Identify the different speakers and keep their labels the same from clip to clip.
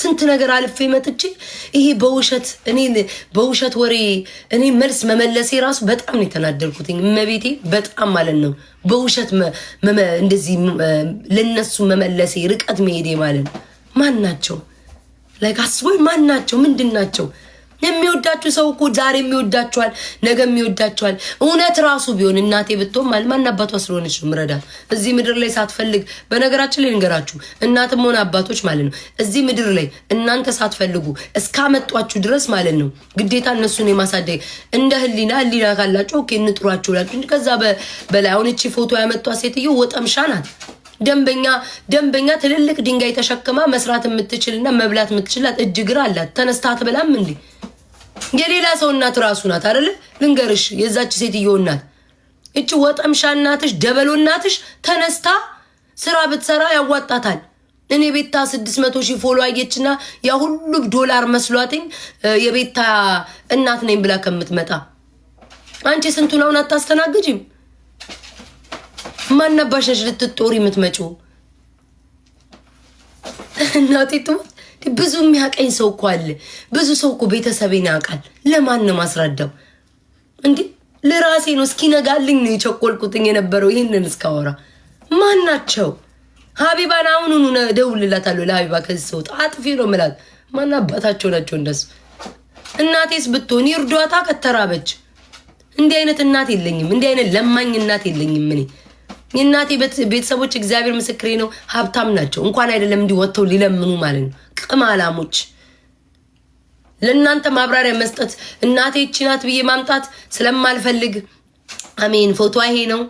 Speaker 1: ስንት ነገር አልፌ መጥቼ ይሄ በውሸት እኔ በውሸት ወሬ እኔ መልስ መመለሴ ራሱ በጣም ነው የተናደርኩት። እመቤቴ በጣም ማለት ነው በውሸት እንደዚህ ለነሱ መመለሴ ርቀት መሄዴ ማለት ነው። ማን ናቸው? ላይክ አስቦኝ ማን ናቸው? ምንድን ናቸው? የሚወዳችሁ ሰው እኮ ዛሬ የሚወዳችኋል፣ ነገ የሚወዳችኋል። እውነት ራሱ ቢሆን እናቴ ብትሆን ማለት ማን አባቷ ስለሆነች ምረዳ እዚህ ምድር ላይ ሳትፈልግ በነገራችን ላይ ንገራችሁ እናትም ሆነ አባቶች ማለት ነው እዚህ ምድር ላይ እናንተ ሳትፈልጉ እስካመጧችሁ ድረስ ማለት ነው ግዴታ እነሱን የማሳደግ እንደ ህሊና ህሊና ካላችሁ ኦኬ እንጥሯችሁ ላችሁ እንጂ ከዛ በላይ አሁን እቺ ፎቶ ያመጧ ሴትዮ ወጠምሻ ናት። ደንበኛ ደንበኛ ትልልቅ ድንጋይ ተሸክማ መስራት የምትችልና መብላት የምትችላት እጅግር አላት። ተነስታት በላም እንዴ የሌላ ሰው እናት ራሱ ናት አይደለ? ልንገርሽ፣ የዛች ሴትዮ እናት እቺ ወጠምሻ እናትሽ፣ ደበሎ እናትሽ ተነስታ ስራ ብትሰራ ያዋጣታል። እኔ ቤታ ስድስት መቶ ሺህ ፎሎ አየችና ያ ሁሉ ዶላር መስሏትኝ የቤታ እናት ነኝ ብላ ከምትመጣ አንቺ ስንቱን አሁን አታስተናግጂም። ማናባሽ ነሽ ልትጦሪ የምትመጪው እናቴ ብዙ የሚያቀኝ ሰው እኮ አለ። ብዙ ሰው እኮ ቤተሰቤን ያውቃል። ለማን ነው ማስረዳው? እንዲህ ለራሴ ነው እስኪነጋልኝ ነው የቸኮልኩትኝ የነበረው ይህንን እስካወራ። ማን ናቸው? ሀቢባን አሁኑኑ ደውልላታለሁ። ለሀቢባ ከዚህ ሰው አጥፊ ነው ምላት። ማን አባታቸው ናቸው እንደሱ? እናቴስ ብትሆን ይርዷታ ከተራበች። እንዲህ አይነት እናት የለኝም። እንዲህ አይነት ለማኝ እናት የለኝም እኔ የእናቴ ቤተሰቦች እግዚአብሔር ምስክሬ ነው፣ ሀብታም ናቸው። እንኳን አይደለም እንዲህ ወጥተው ሊለምኑ ማለት ነው። አላሞች ለእናንተ ማብራሪያ መስጠት እናቴ ይህች ናት ብዬ ማምጣት ስለማልፈልግ አሜን። ፎቶ ይሄ ነው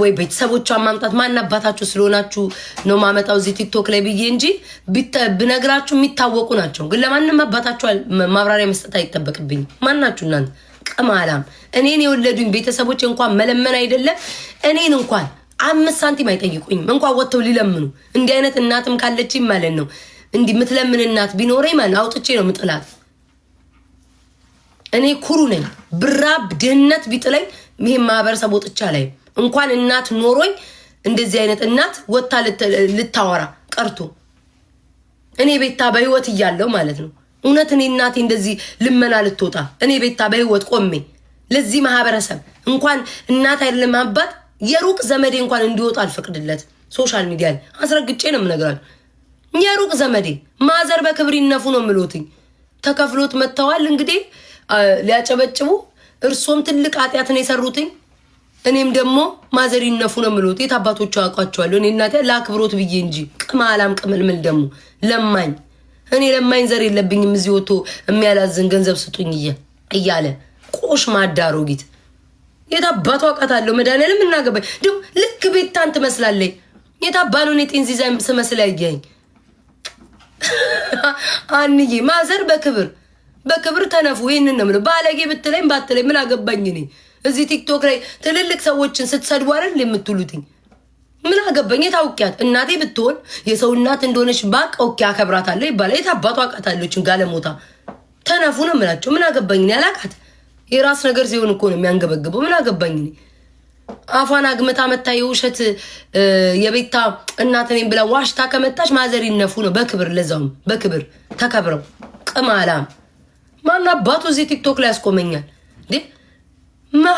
Speaker 1: ወይ ቤተሰቦቿን ማምጣት ማን አባታችሁ ስለሆናችሁ ነው ማመጣው እዚህ ቲክቶክ ላይ ብዬ እንጂ ብነግራችሁ የሚታወቁ ናቸው። ግን ለማንም አባታችሁ ማብራሪያ መስጠት አይጠበቅብኝም። ማናችሁ እናንተ ቅማላም እኔን የወለዱኝ ቤተሰቦች እንኳን መለመን አይደለም እኔን እንኳን አምስት ሳንቲም አይጠይቁኝም እንኳን ወጥተው ሊለምኑ። እንዲህ አይነት እናትም ካለች ማለት ነው እንዲህ ምትለምን እናት ቢኖረኝ ማለት አውጥቼ ነው ምጥላት። እኔ ኩሩ ነኝ። ብራብ ድህነት ቢጥለኝ ይህም ማህበረሰብ ወጥቻ ላይ እንኳን እናት ኖሮኝ እንደዚህ አይነት እናት ወታ ልታወራ ቀርቶ እኔ ቤታ በህይወት እያለው ማለት ነው እውነት እኔ እናቴ እንደዚህ ልመና ልትወጣ እኔ ቤታ በህይወት ቆሜ ለዚህ ማህበረሰብ እንኳን እናት አይደለም አባት የሩቅ ዘመዴ እንኳን እንዲወጣ አልፈቅድለት። ሶሻል ሚዲያ ላይ አስረግጬ ነው የምነግራል። የሩቅ ዘመዴ ማዘር በክብር ይነፉ ነው የምሎትኝ። ተከፍሎት መጥተዋል እንግዲህ ሊያጨበጭቡ። እርሶም ትልቅ ኃጢአትን የሰሩትኝ እኔም ደግሞ ማዘር ይነፉ ነው የምሎት። የት አባቶቹ አውቋቸዋለሁ። እኔ እናቴ ለአክብሮት ብዬ እንጂ ቅማላም ቅምልምል ደግሞ ለማኝ እኔ ለማኝ ዘር የለብኝም እዚህ ወቶ የሚያላዝን ገንዘብ ስጡኝ እያለ ቆሽ ማዳሮ ጊት የታባቷ አውቃታለሁ። መድኃኒዓለም እናገባኝ ዲ ልክ ቤታን ትመስላለች። የታባሉን የጤንዚዛ ስመስል ያየኝ አንዬ ማዘር በክብር በክብር ተነፉ። ይህንን ነው የምለው። ባለጌ ብትለኝ ባትለኝ ምን አገባኝ እኔ። እዚህ ቲክቶክ ላይ ትልልቅ ሰዎችን ስትሰድቡ አይደል የምትሉትኝ ምን አገባኝ? አውቂያት እናቴ ብትሆን የሰው እናት እንደሆነች ባቅ ኦኬ አከብራታለሁ ይባላል። የት አባቱ አውቃታለችን ጋለሞታ ተነፉ ነው የምላቸው። ምን አገባኝ? ያላቃት የራስ ነገር ሲሆን እኮ ነው የሚያንገበግበው። ምን አገባኝ? አፏን አግመታ መታ የውሸት የቤታ እናት ብላ ዋሽታ ከመጣች ማዘር ይነፉ ነው በክብር ለዛውም በክብር ተከብረው ቅማላም ማን አባቱ እዚህ ቲክቶክ ላይ ያስቆመኛል?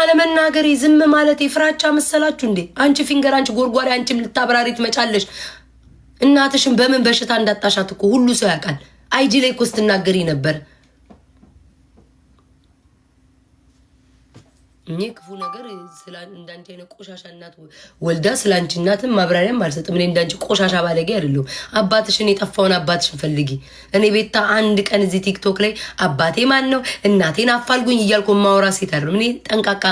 Speaker 1: አለመናገሬ ዝም ማለት የፍራቻ መሰላችሁ እንዴ? አንቺ ፊንገር፣ አንቺ ጎርጓሪ፣ አንቺም ልታብራሪ ትመጫለሽ። እናትሽን በምን በሽታ እንዳጣሻት እኮ ሁሉ ሰው ያውቃል። አይጂ ላይ እኮ ስትናገሪ ነበር። እኔ ክፉ ነገር እንዳንቺ አይነት ቆሻሻ እናት ወልዳ ስለ አንቺ እናትም ማብራሪያም አልሰጥም። እኔ እንዳንቺ ቆሻሻ ባለጌ አይደለሁም። አባትሽን የጠፋውን አባትሽን ፈልጊ። እኔ ቤታ አንድ ቀን እዚህ ቲክቶክ ላይ አባቴ ማን ነው እናቴን አፋልጉኝ እያልኩ ማወራ ሴት አይደለም። እኔ ጠንቃቃ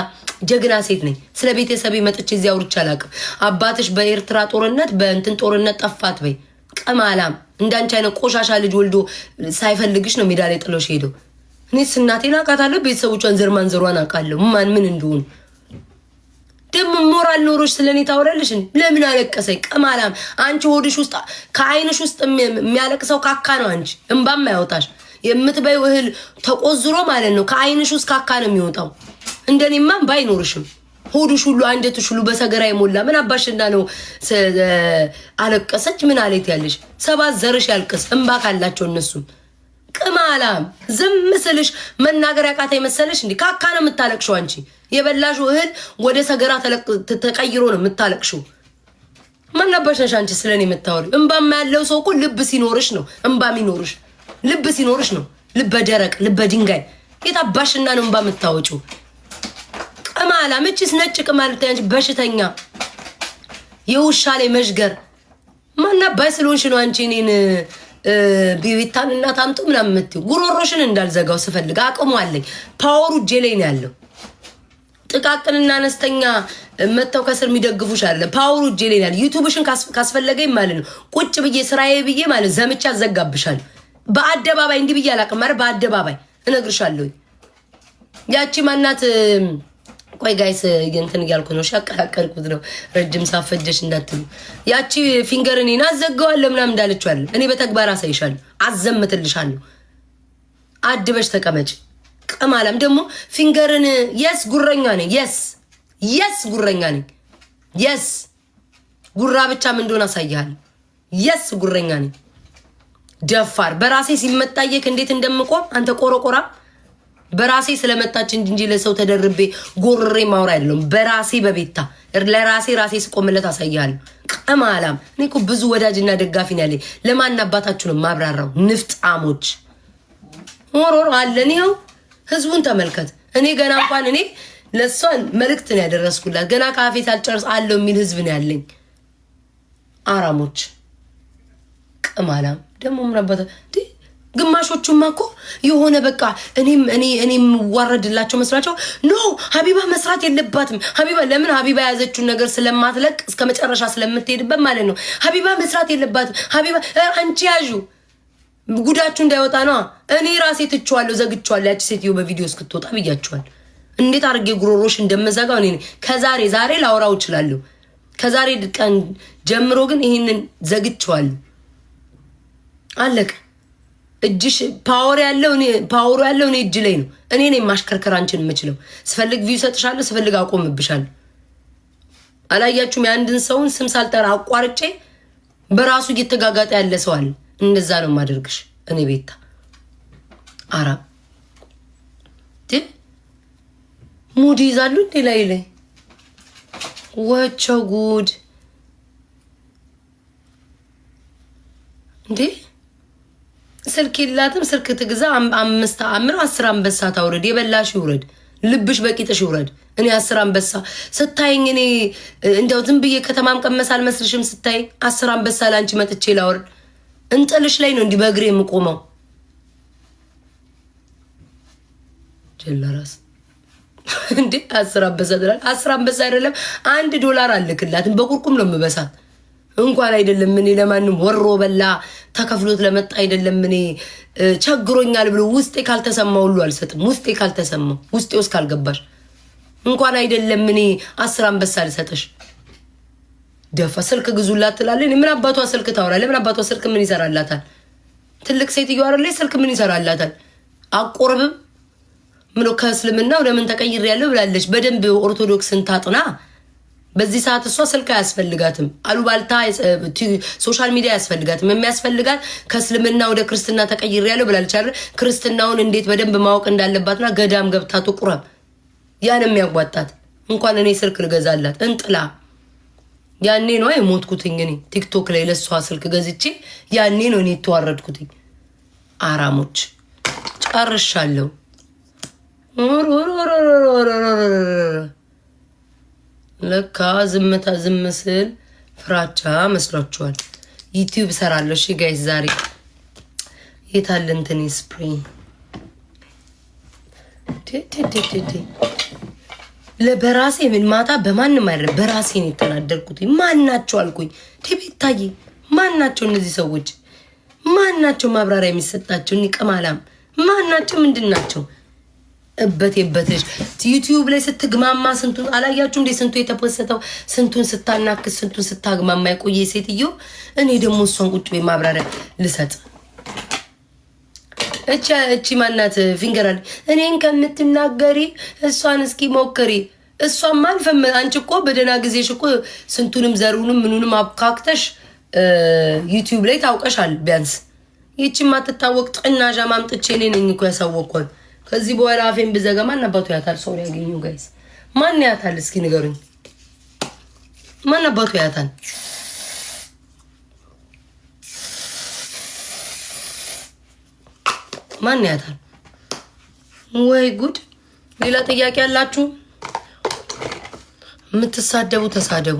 Speaker 1: ጀግና ሴት ነኝ። ስለ ቤተሰቤ መጥቼ እዚህ አውርቼ አላውቅም። አባትሽ በኤርትራ ጦርነት በእንትን ጦርነት ጠፋት በይ። ቀማላም። እንዳንቺ አይነት ቆሻሻ ልጅ ወልዶ ሳይፈልግሽ ነው ሜዳ ላይ ጥሎሽ ሄደው እኔ ስናቴን አውቃታለሁ፣ ቤተሰቦቿን ዘር ማንዘሯን አውቃለሁ። ማን ምን እንደሆኑ ደግሞ ሞራል ኖሮች ስለኔ ታወራለሽ። ለምን አለቀሰኝ? ቀማላም አንቺ ሆድሽ ውስጥ ከአይንሽ ውስጥ የሚያለቅሰው ካካ ነው። አንቺ እንባም አያወጣሽ የምትበይው እህል ተቆዝሮ ማለት ነው። ከአይንሽ ውስጥ ካካ ነው የሚወጣው። እንደኔማ እምባ አይኖርሽም። ሆድሽ ሁሉ አንጀትሽ ሁሉ በሰገራ የሞላ ምን አባሽና ነው አለቀሰች? ምን አለት ያለሽ ሰባት ዘርሽ ያልቅስ እንባ ካላቸው እነሱም ቅማላም ዝም ስልሽ መናገር እንዲ ካካ ነው የምታለቅሽው። አንቺ የበላሹ እህል ወደ ሰገራ ተቀይሮ ነው የምታለቅሽው። ማናባሽ ነሽ አንቺ ስለኔ ያለው ሰው እኮ ልብ ሲኖርሽ ነው እምባ ልብ ሲኖርሽ ነው ልበ ደረቅ፣ ልበ ድንጋይ። የታባሽና ነው እምባ ነጭ ቅማል በሽተኛ የውሻ ላይ መዥገር ስለሆንሽ ነው አንቺ እኔን ቢቢታን እናት አምጡ ምናምን የምትይው ጉሮሮሽን እንዳልዘጋው ስፈልግ አቅሙ አለኝ። ፓወሩ እጄ ላይ ነው ያለው። ጥቃቅንና አነስተኛ መጥተው ከስር የሚደግፉሽ አለ። ፓወሩ እጄ ላይ ነው ያለው። ዩቱብሽን ካስፈለገኝ ማለት ነው ቁጭ ብዬ ስራዬ ብዬ ማለት ዘምቻ አዘጋብሻል። በአደባባይ እንዲህ ብዬ አላቅም። በአደባባይ እነግርሻለሁ ያቺ ማናት ቆይ ጋይስ እንትን እያልኩ ነው፣ ሻቀላቀልኩት ነው። ረጅም ሳፈጀሽ እንዳትሉ። ያቺ ፊንገር እኔን አዘገዋለሁ ምናምን እንዳለችዋል። እኔ በተግባር አሳይሻለሁ፣ አዘምትልሻለሁ። አድበሽ ተቀመጭ። ቀማላም ደግሞ ፊንገርን የስ ጉረኛ ነኝ። የስ የስ ጉረኛ ነኝ። የስ ጉራ ብቻ ምን እንደሆነ አሳይሃል። የስ ጉረኛ ነኝ። ደፋር በራሴ ሲመጣየክ እንዴት እንደምቆም አንተ ቆረቆራ በራሴ ስለመጣች እንጂ ለሰው ተደርቤ ጎርሬ ማውራ ያለውም በራሴ በቤታ ለራሴ ራሴ ስቆምለት አሳያለሁ። ቀማ አላም እኔ እኮ ብዙ ወዳጅና ደጋፊ ነው ያለኝ። ለማን አባታችሁ ነው ማብራራው? ንፍጣሞች ሞሮር አለን። ይኸው ህዝቡን ተመልከት። እኔ ገና እንኳን እኔ ለእሷን መልእክት ነው ያደረስኩላት። ገና ካፌ ሳልጨርስ አለው የሚል ህዝብ ነው ያለኝ። አራሞች ቅማላም ደግሞ ምን አባታ ግማሾቹማ እኮ የሆነ በቃ እኔም እኔ እኔ ዋረድላቸው መስራቸው ኖ ሀቢባ መስራት የለባትም ሀቢባ ለምን ሀቢባ የያዘችውን ነገር ስለማትለቅ እስከ መጨረሻ ስለምትሄድበት ማለት ነው። ሀቢባ መስራት የለባትም ሀቢባ አንቺ ያዡ ጉዳችሁ እንዳይወጣ ነዋ። እኔ ራሴ ትችዋለሁ፣ ዘግችዋለሁ። ያቺ ሴትዮ በቪዲዮ እስክትወጣ ብያችኋል። እንዴት አድርጌ ጉሮሮሽ እንደመዘጋው እኔ ከዛሬ ዛሬ ላውራው እችላለሁ። ከዛሬ ቀን ጀምሮ ግን ይህንን ዘግችዋለሁ። አለቀ። እጅሽ ፓወር ያለው ፓወሩ ያለው እኔ እጅ ላይ ነው። እኔ ነኝ ማሽከርከር አንቺን የምችለው። ስፈልግ ቪው ሰጥሻለሁ፣ ስፈልግ አቆምብሻለሁ። አላያችሁም? የአንድን ሰውን ስም ሳልጠራ አቋርጬ በራሱ እየተጋጋጠ ያለ ሰው አለ። እንደዛ ነው ማደርግሽ እኔ ቤታ አራ ሙድ ይዛሉ እንዴ ላይ ላይ ወቸው ጉድ እንዴ ስልክ የላትም። ስልክ ትግዛ። አምስት አምር አስር አንበሳ ታውረድ። የበላሽ ይውረድ፣ ልብሽ በቂጥሽ ይውረድ። እኔ አስር አንበሳ ስታይኝ እኔ እንደው ዝም ብዬ ከተማም ቀመስ አልመስልሽም። ስታይ አስር አንበሳ ለአንቺ መጥቼ ላውርድ። እንጥልሽ ላይ ነው እንዲህ በእግሬ የምቆመው። ጀላራስ እንዴ አስር አንበሳ ትላለህ? አስር አንበሳ አይደለም አንድ ዶላር አልክላትም። በቁርቁም ነው የምበሳት እንኳን አይደለም እኔ ለማንም ወሮ በላ ተከፍሎት ለመጣ አይደለም እኔ ቸግሮኛል ብሎ ውስጤ ካልተሰማ ሁሉ አልሰጥም። ውስጤ ካልተሰማ ውስጤ ውስጥ ካልገባሽ እንኳን አይደለም እኔ አስር አንበሳ አልሰጠሽ። ደፋ ስልክ ግዙላት ትላለህ። ምን አባቷ ስልክ ታወራለህ? ምን አባቷ ስልክ ምን ይሰራላታል? ትልቅ ሴትዮ አይደለች? ስልክ ምን ይሰራላታል? አቆርብም ምኖ ከእስልምና ለምን ተቀይሬያለሁ ብላለች። በደንብ ኦርቶዶክስን ታጥና በዚህ ሰዓት እሷ ስልክ አያስፈልጋትም፣ አሉባልታ ሶሻል ሚዲያ አያስፈልጋትም። የሚያስፈልጋት ከእስልምና ወደ ክርስትና ተቀይሬያለሁ ብላለች። ክርስትናውን እንዴት በደንብ ማወቅ እንዳለባትና ገዳም ገብታ ትቁረብ። ያን የሚያጓጣት እንኳን እኔ ስልክ ልገዛላት እንጥላ። ያኔ ነው የሞትኩትኝ እኔ ቲክቶክ ላይ ለሷ ስልክ ገዝቼ፣ ያኔ ነው እኔ የተዋረድኩትኝ። አራሞች ጨርሻለሁ። ለካ ዝምታ ዝም ስል ፍራቻ መስሏችኋል። ዩቲዩብ ሰራለሁ። እሺ ጋይስ ዛሬ የታለ እንትኔ ለበራሴ ምን ማታ በማንም አይደለም፣ በራሴ ነው የተናደርኩት። ማን ናቸው አልኩኝ። ቤታዬ ማን ናቸው እነዚህ ሰዎች? ማን ናቸው ማብራሪያ የሚሰጣቸው? እኒቀማላም ማን ናቸው? ምንድን ናቸው? እበት የበትሽ ዩቲዩብ ላይ ስትግማማ ስንቱን አላያችሁ እንዴ? ስንቱ የተፖሰተው ስንቱን ስታናክስ ስንቱን ስታግማማ የቆየ ሴትዮ። እኔ ደግሞ እሷን ቁጭ ቤ ማብራሪያ ልሰጥ እቺ እቺ ማናት ፊንገራል እኔን ከምትናገሪ እሷን እስኪ ሞክሪ። እሷን አልፈም አንቺ እኮ በደህና ጊዜሽ እኮ ስንቱንም ዘሩንም ምኑንም አብካክተሽ ዩቲዩብ ላይ ታውቀሻል። ቢያንስ ይቺ ማትታወቅ ጥቅናዣ ማምጥቼ እኔ ነኝ እኮ ያሳወቅኳት። ከዚህ በኋላ አፌን ብዘጋ ማን አባቱ ያታል? ሰው ያገኙ ጋይስ ማን ያታል? እስኪ ንገሩኝ። ማን አባቱ ያታል? ማን ያታል? ወይ ጉድ! ሌላ ጥያቄ አላችሁ የምትሳደቡ ተሳደቡ።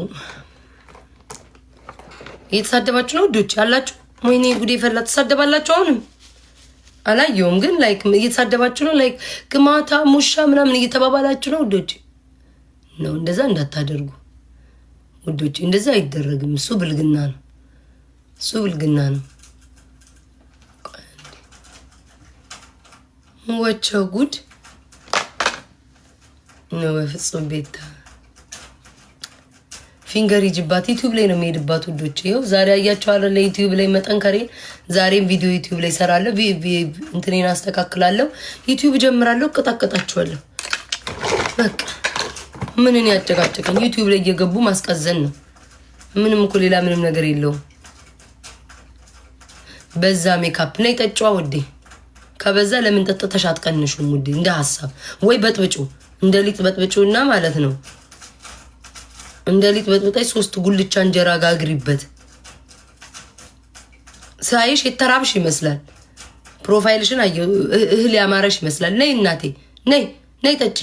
Speaker 1: እየተሳደባችሁ ነው ውዶች አላችሁ ወይኔ ጉዴ ፈላ። ትሳደባላችሁ አሁንም አላየውም፣ ግን ላይክ እየተሳደባችሁ ነው። ላይክ ግማታ ሙሻ ምናምን እየተባባላችሁ ነው ውዶች። ነው እንደዛ እንዳታደርጉ ውዶች፣ እንደዛ አይደረግም። እሱ ብልግና ነው፣ እሱ ብልግና ነው። ወቸው ጉድ ነው በፍጹም ቤታ ፊንገር ይጅባት ዩቲዩብ ላይ ነው የሚሄድባት። ውዶች ይኸው ዛሬ አያቸዋለ ለዩቲዩብ ላይ መጠንከሬ ዛሬም ቪዲዮ ዩቲዩብ ላይ ሰራለሁ፣ እንትኔን አስተካክላለሁ፣ ዩቲዩብ ጀምራለሁ፣ እቀጣቀጣችኋለሁ። በቃ ምንን ያጨቃጨቀኝ ዩቲዩብ ላይ እየገቡ ማስቀዘን ነው። ምንም እኮ ሌላ ምንም ነገር የለውም። በዛ ሜካፕ ና ይጠጫ ውዴ፣ ከበዛ ለምን ጠጥተሽ አትቀንሹም ውዴ? እንደ ሀሳብ ወይ በጥብጩ እንደ ሊጥ በጥብጩ እና ማለት ነው እንደ ሊጥ ሶስት ጉልቻ እንጀራ ጋግሪበት። ሳይሽ የተራብሽ ይመስላል። ፕሮፋይልሽን አየሁ። እህል ያማረሽ ይመስላል። ነይ እናቴ፣ ነይ ነይ፣ ጠጪ፣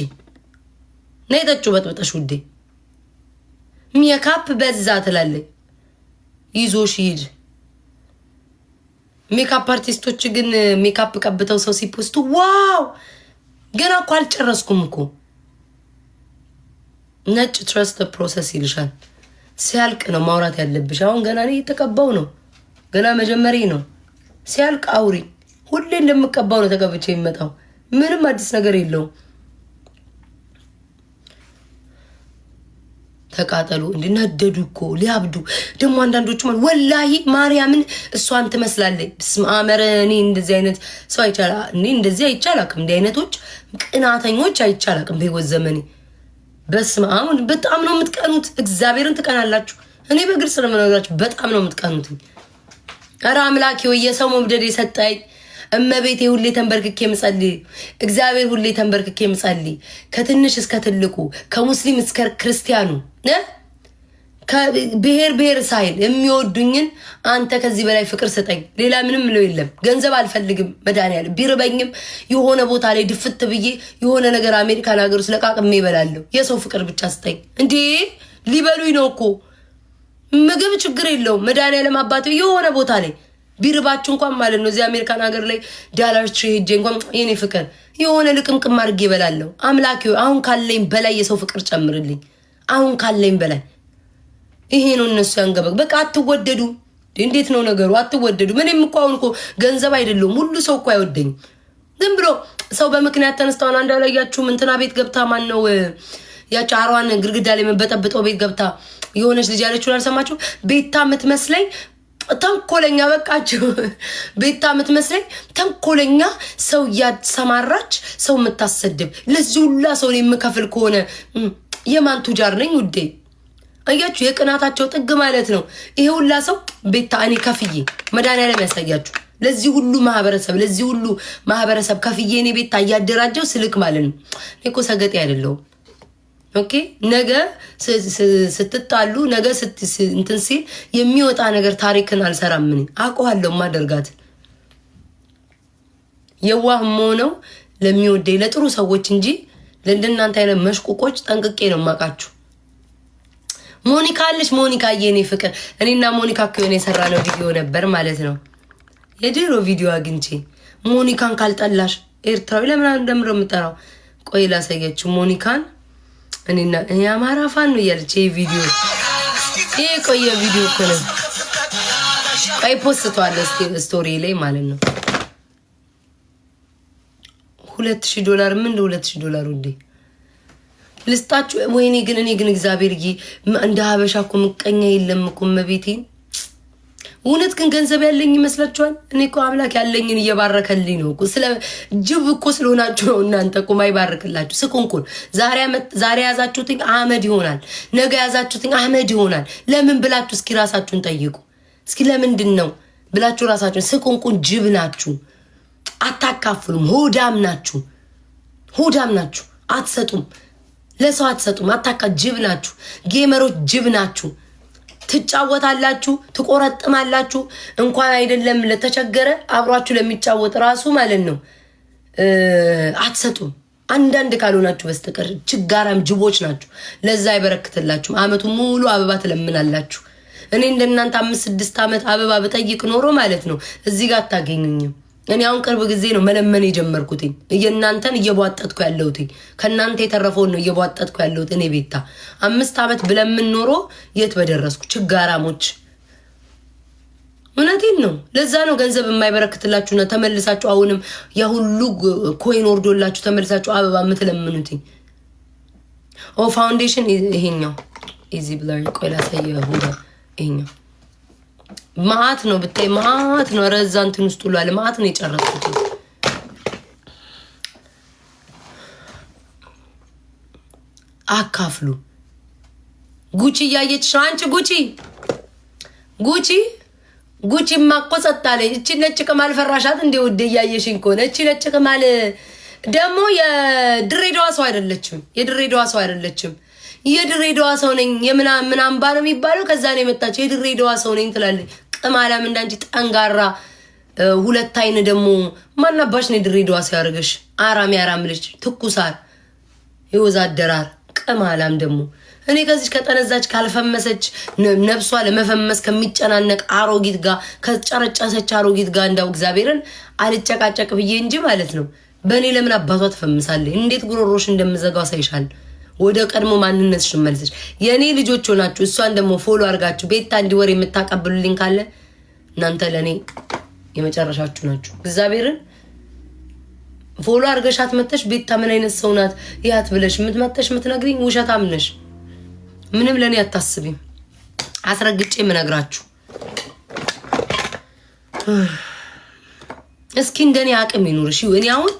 Speaker 1: ነይ ጠጪ፣ በጥብጠሽ ውዴ። ሜካፕ በዛ ትላለች። ይዞሽ ይሂድ። ሜካፕ አርቲስቶች ግን ሜካፕ ቀብተው ሰው ሲፖስቱ ዋው! ገና እኮ አልጨረስኩም እኮ ነጭ ትረስት ፕሮሰስ ይልሻል። ሲያልቅ ነው ማውራት ያለብሽ። አሁን ገና እኔ የተቀባው ነው፣ ገና መጀመሪ ነው። ሲያልቅ አውሪ። ሁሌ እንደምቀባው ነው ተቀብቼ የሚመጣው ምንም አዲስ ነገር የለውም። ተቃጠሉ እንድናደዱ እኮ ሊያብዱ ደግሞ አንዳንዶቹ ማለት ወላሂ ማርያምን እሷን ትመስላለች። ስማመረ እኔ እንደዚህ አይነት ሰው አይቻላ እኔ እንደዚህ አይቻል አቅም እንዲህ አይነቶች ቅናተኞች አይቻላቅም አቅም በህይወት ዘመኔ በስመ አብ አሁን በጣም ነው የምትቀኑት። እግዚአብሔርን ትቀናላችሁ። እኔ በግልጽ ነው የምነግራችሁ፣ በጣም ነው የምትቀኑት። ኧረ አምላኬ ወይ የሰው መውደድ የሰጠኝ እመቤቴ ሁሌ ተንበርክኬ ምጸልይ እግዚአብሔር ሁሌ ተንበርክኬ ምጸልይ ከትንሽ እስከ ትልቁ ከሙስሊም እስከ ክርስቲያኑ ብሔር ብሔር ሳይል የሚወዱኝን አንተ ከዚህ በላይ ፍቅር ስጠኝ። ሌላ ምንም ምለው የለም። ገንዘብ አልፈልግም። መድኃኒዓለም ቢርበኝም የሆነ ቦታ ላይ ድፍት ብዬ የሆነ ነገር አሜሪካን ሀገር ውስጥ ለቃቅሜ ይበላለሁ። የሰው ፍቅር ብቻ ስጠኝ። እንዴ ሊበሉኝ ነው እኮ ምግብ ችግር የለውም። መድኃኒዓለም አባት የሆነ ቦታ ላይ ቢርባችሁ እንኳን ማለት ነው እዚህ አሜሪካን ሀገር ላይ ዳላር ሄጄ እንኳን የኔ ፍቅር የሆነ ልቅምቅም አድርጌ ይበላለሁ። አምላኪ አሁን ካለኝ በላይ የሰው ፍቅር ጨምርልኝ። አሁን ካለኝ በላይ ይሄ ነው እነሱ ያንገበግ በቃ አትወደዱ። እንዴት ነው ነገሩ? አትወደዱ። ምንም እኮ አሁን እኮ ገንዘብ አይደለውም። ሁሉ ሰው እኮ አይወደኝም። ዝም ብሎ ሰው በምክንያት ተነስተዋን አንድ አላያችሁም? እንትና ቤት ገብታ ማን ነው ያች አሯን ግድግዳ ላይ የምበጠብጠው ቤት ገብታ የሆነች ልጅ ያለችውን አልሰማችሁ? ቤታ የምትመስለኝ ተንኮለኛ በቃችሁ። ቤታ የምትመስለኝ ተንኮለኛ ሰው እያሰማራች ሰው የምታሰድብ ለዚህ ሁላ ሰውን የምከፍል ከሆነ የማን ቱጃር ነኝ ውዴ? አያችሁ፣ የቅናታቸው ጥግ ማለት ነው። ይሄ ሁላ ሰው ቤታ እኔ ከፍዬ መድኃኒዓለም ያሳያችሁ። ለዚህ ሁሉ ማህበረሰብ ለዚህ ሁሉ ማህበረሰብ ከፍዬ እኔ ቤታ እያደራጀው ስልክ ማለት ነው። እኔ እኮ ሰገጤ አይደለሁም። ኦኬ፣ ነገ ስትጣሉ ነገ እንትን ሲል የሚወጣ ነገር ታሪክን አልሰራም። ምን አውቀዋለሁ ማደርጋት የዋህ መሆነው ለሚወደኝ ለጥሩ ሰዎች እንጂ ለእንደናንተ አይነት መሽቁቆች ጠንቅቄ ነው የማውቃችሁ። ሞኒካ አለች። ሞኒካ የኔ ፍቅር እኔና ሞኒካ ከሆነ የሰራ ነው ቪዲዮ ነበር ማለት ነው። የድሮ ቪዲዮ አግኝቼ ሞኒካን ካልጠላሽ ኤርትራዊ ለምን እንደምረ የምጠራው ቆይ ላሳያችሁ። ሞኒካን እኔና የአማራ ፋን ነው እያለች ይህ ቪዲዮ ይሄ ቆየ ቪዲዮ እኮ ነው። ቆይ ፖስትቷል ስቶሪ ላይ ማለት ነው። ሁለት ሺህ ዶላር ምን እንደ ሁለት ሺህ ዶላር ውዴ ልስጣችሁ። ወይኔ ግን እኔ ግን እግዚአብሔር እንደ ሀበሻ እኮ ምቀኛ የለም እኮ መቤቴን። እውነት ግን ገንዘብ ያለኝ ይመስላችኋል? እኔ እኮ አምላክ ያለኝን እየባረከልኝ ነው። ስለ ጅብ እኮ ስለሆናችሁ ነው። እናንተ እኮ ማይባርክላችሁ ስቁንቁን። ዛሬ ያዛችሁትኝ አመድ ይሆናል፣ ነገ ያዛችሁትኝ አመድ ይሆናል። ለምን ብላችሁ እስኪ ራሳችሁን ጠይቁ። እስኪ ለምንድን ነው ብላችሁ ራሳችሁን። ስቁንቁን ጅብ ናችሁ፣ አታካፍሉም። ሆዳም ናችሁ፣ ሆዳም ናችሁ፣ አትሰጡም ለሰው አትሰጡም። አታካ ጅብ ናችሁ፣ ጌመሮች ጅብ ናችሁ። ትጫወታላችሁ፣ ትቆረጥማላችሁ። እንኳን አይደለም ለተቸገረ አብሯችሁ ለሚጫወት ራሱ ማለት ነው አትሰጡም። አንዳንድ ካልሆናችሁ በስተቀር ችጋራም ጅቦች ናችሁ። ለዛ አይበረክትላችሁም። አመቱ ሙሉ አበባ ትለምናላችሁ። እኔ እንደናንተ አምስት ስድስት ዓመት አበባ ብጠይቅ ኖሮ ማለት ነው እዚህ ጋር አታገኙኝም። እኔ አሁን ቅርብ ጊዜ ነው መለመን የጀመርኩትኝ። እየእናንተን እየቧጠጥኩ ያለሁትኝ ከእናንተ የተረፈውን ነው እየቧጠጥኩ ያለሁት። እኔ ቤታ አምስት ዓመት ብለምን ኖሮ የት በደረስኩ። ችጋራሞች፣ እውነቴን ነው። ለዛ ነው ገንዘብ የማይበረክትላችሁና ተመልሳችሁ አሁንም የሁሉ ኮይን ወርዶላችሁ ተመልሳችሁ አበባ የምትለምኑትኝ። ኦ ፋውንዴሽን ይሄኛው ኢዚ ብለር ቆይ ላሳየ ይሄኛው መሀት ነው ብታይ፣ መሀት ነው ረዛ እንትን ውስጥ ውሏል። መሀት ነው የጨረስኩት። አካፍሉ። ጉቺ እያየች ነው። አንቺ ጉቺ ጉቺ ጉቺ ማቆጸት እቺ ነጭ ቅማል ፈራሻት እንደ ውድ እያየሽኝ ከሆነ እቺ ነጭ ቅማል ደግሞ የድሬዳዋ ሰው አይደለችም። የድሬዳዋ ሰው አይደለችም። የድሬዳዋ ሰው ነኝ የምናምን አምባ ነው የሚባለው። ከዛ ነው የመጣችው። የድሬዳዋ ሰው ነኝ ትላለች። ፍጹም ዓለም እንዳንቺ ጠንጋራ ሁለት አይን ደግሞ ማናባሽ ነው ድሬዳዋ ሲያደርግሽ አራም ልጅ ትኩሳር ቅም ቅማላም ደግሞ እኔ ከዚች ከጠነዛች ካልፈመሰች ነብሷ ለመፈመስ ከሚጨናነቅ አሮጊት ጋር ከጨረጨሰች አሮጊት ጋር እንዳው እግዚአብሔርን አልጨቃጨቅ ብዬ እንጂ ማለት ነው። በእኔ ለምን አባቷ ትፈምሳለች? እንዴት ጉሮሮሽ እንደምዘጋው ሳይሻል ወደ ቀድሞ ማንነትሽ መልሰሽ የእኔ ልጆች ሆናችሁ እሷን ደግሞ ፎሎ አድርጋችሁ ቤታ እንዲወር የምታቀብሉልኝ ካለ እናንተ ለእኔ የመጨረሻችሁ ናችሁ። እግዚአብሔርን ፎሎ አድርገሻት መተሽ ቤታ ምን አይነት ሰው ናት ያት ብለሽ የምትመተሽ የምትነግሪኝ ውሸታም ነሽ። ምንም ለእኔ አታስቢም። አስረግጬ የምነግራችሁ እስኪ እንደኔ አቅም ይኑርሽ። እኔ አሁን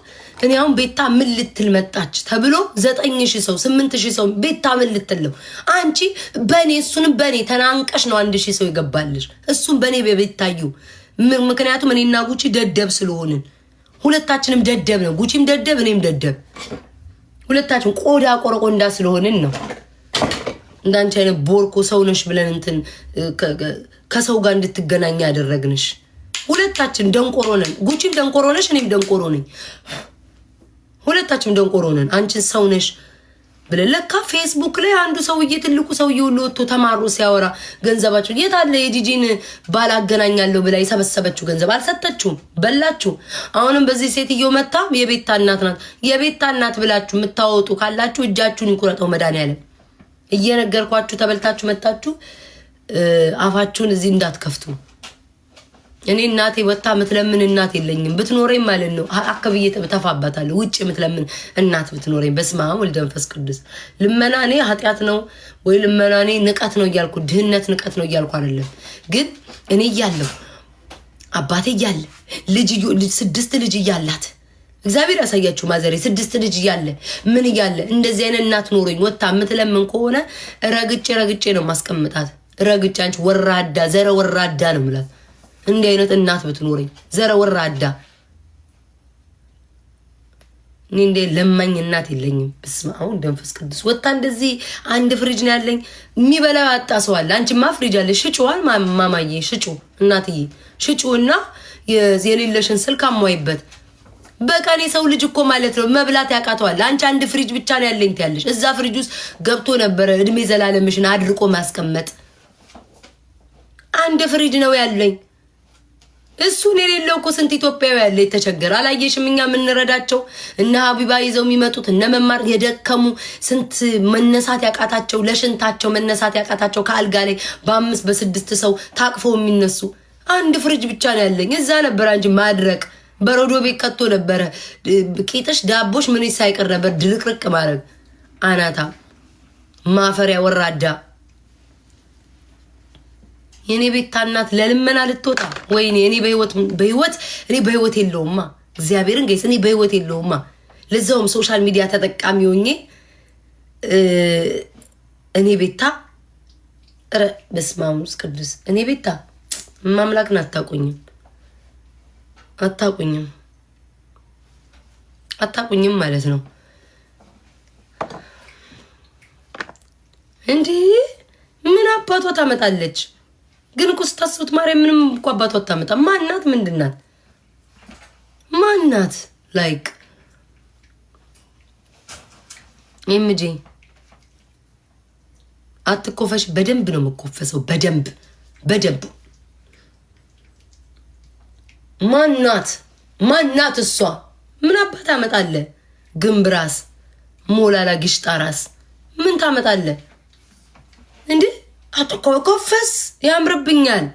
Speaker 1: እኔ አሁን ቤታ ምን ልትል መጣች ተብሎ ዘጠኝ ሺህ ሰው ስምንት ሺህ ሰው ቤታ ምን ልትል ነው? አንቺ በእኔ እሱንም በእኔ ተናንቀሽ ነው አንድ ሺህ ሰው ይገባልሽ። እሱም በእኔ በቤታዩ ምክንያቱም እኔና ጉቺ ደደብ ስለሆንን ሁለታችንም ደደብ ነው። ጉቺም ደደብ፣ እኔም ደደብ፣ ሁለታችን ቆዳ ቆረቆንዳ ስለሆንን ነው። እንዳንቺ አይነት ቦርኮ ሰውነሽ ብለን እንትን ከሰው ጋር እንድትገናኝ ያደረግንሽ ሁለታችን ደንቆሮ ነን። ጉቺም ደንቆሮ ነሽ፣ እኔም ደንቆሮ ነኝ። ሁለታችንም ደንቆሮ ነን። አንቺን ሰው ነሽ ብለን ለካ ፌስቡክ ላይ አንዱ ሰውዬ ትልቁ ሰውዬ ሁሉ ወጥቶ ተማሩ ሲያወራ ገንዘባችሁ የት አለ? የጂጂን ባል አገናኛለሁ ብላ የሰበሰበችው ገንዘብ አልሰጠችውም። በላችሁ። አሁንም በዚህ ሴትዮ መታ የቤታ እናት ናት። የቤታ እናት ብላችሁ የምታወጡ ካላችሁ እጃችሁን ይቁረጠው መድኃኒዓለም። እየነገርኳችሁ ተበልታችሁ መታችሁ አፋችሁን እዚህ እንዳትከፍቱ። እኔ እናቴ ወታ ምትለምን እናት የለኝም። ብትኖረኝ ማለት ነው አካብዬ ተፋባታለሁ። ውጭ ምትለምን እናት ብትኖረኝ በስመ አብ ቅዱስ። ልመና እኔ ኃጢአት ነው ወይ ልመና እኔ ንቀት ነው እያልኩ ድህነት ንቀት ነው እያልኩ አይደለም። ግን እኔ እያለሁ አባቴ እያለ ልጅ ስድስት ልጅ እያላት እግዚአብሔር ያሳያችሁ ማዘሬ ስድስት ልጅ እያለ ምን እያለ እንደዚህ አይነት እናት ኖረኝ ወታ ምትለምን ከሆነ ረግጬ ረግጬ ነው ማስቀምጣት። ረግጬ አንቺ ወራዳ ዘረ ወራዳ ነው ምላት እንዲህ አይነት እናት ብትኖረኝ ዘረ ወራዳ እኔ እንደ ለማኝ እናት የለኝም። በስመ አብ መንፈስ ቅዱስ ወጣ እንደዚህ አንድ ፍሪጅ ነው ያለኝ። የሚበላ ያጣ ሰው አለ። አንቺማ ፍሪጅ አለ ሽጭዋል። ማማዬ ሽጩ፣ እናትዬ ሽጩ እና የሌለሽን ስልክ አሟይበት። በቀን የሰው ልጅ እኮ ማለት ነው መብላት ያቃተዋል። አንቺ አንድ ፍሪጅ ብቻ ነው ያለኝ ትያለሽ። እዛ ፍሪጅ ውስጥ ገብቶ ነበረ እድሜ ዘላለምሽን አድርቆ ማስቀመጥ። አንድ ፍሪጅ ነው ያለኝ። እሱን የሌለው እኮ ስንት ኢትዮጵያዊ ያለ የተቸገረ አላየሽም? እኛ የምንረዳቸው እነ ሀቢባ ይዘው የሚመጡት እነ መማር የደከሙ ስንት መነሳት ያቃታቸው ለሽንታቸው መነሳት ያቃታቸው ከአልጋ ላይ በአምስት በስድስት ሰው ታቅፈው የሚነሱ አንድ ፍርጅ ብቻ ነው ያለኝ። እዛ ነበር አንጂ ማድረቅ በረዶ ቤት ከቶ ነበረ። ቂጥሽ ዳቦሽ ምን ሳይቀር ነበር ድርቅርቅ ማድረግ። አናታ ማፈሪያ ወራዳ የእኔ ቤታ እናት ለልመና ልትወጣ ወይ እኔ በህይወት በህይወት እኔ በህይወት የለውማ። እግዚአብሔርን ገይስ እኔ በህይወት የለውማ። ለዛውም ሶሻል ሚዲያ ተጠቃሚ ሆኜ እኔ ቤታ ረ በስመ አብ ቅዱስ እኔ ቤታ ማምላክን አታቁኝም፣ አታቁኝም፣ አታቁኝም ማለት ነው እንዲህ ምን አባቷ ታመጣለች? ግን እኮ ስታስቡት ማርያም ምንም እኮ አባቷ አታመጣም። ማናት? ምንድን ናት? ማናት? ላይክ ኤምጄ አትኮፈሽ። በደንብ ነው የምኮፈሰው። በደንብ በደንብ ማናት? ማናት? እሷ ምን አባት አለ? ግንብ ራስ ሞላላ ግሽጣ ራስ ምን ታመጣለ እንዴ? አጥቆ ቆፈስ ያምርብኛል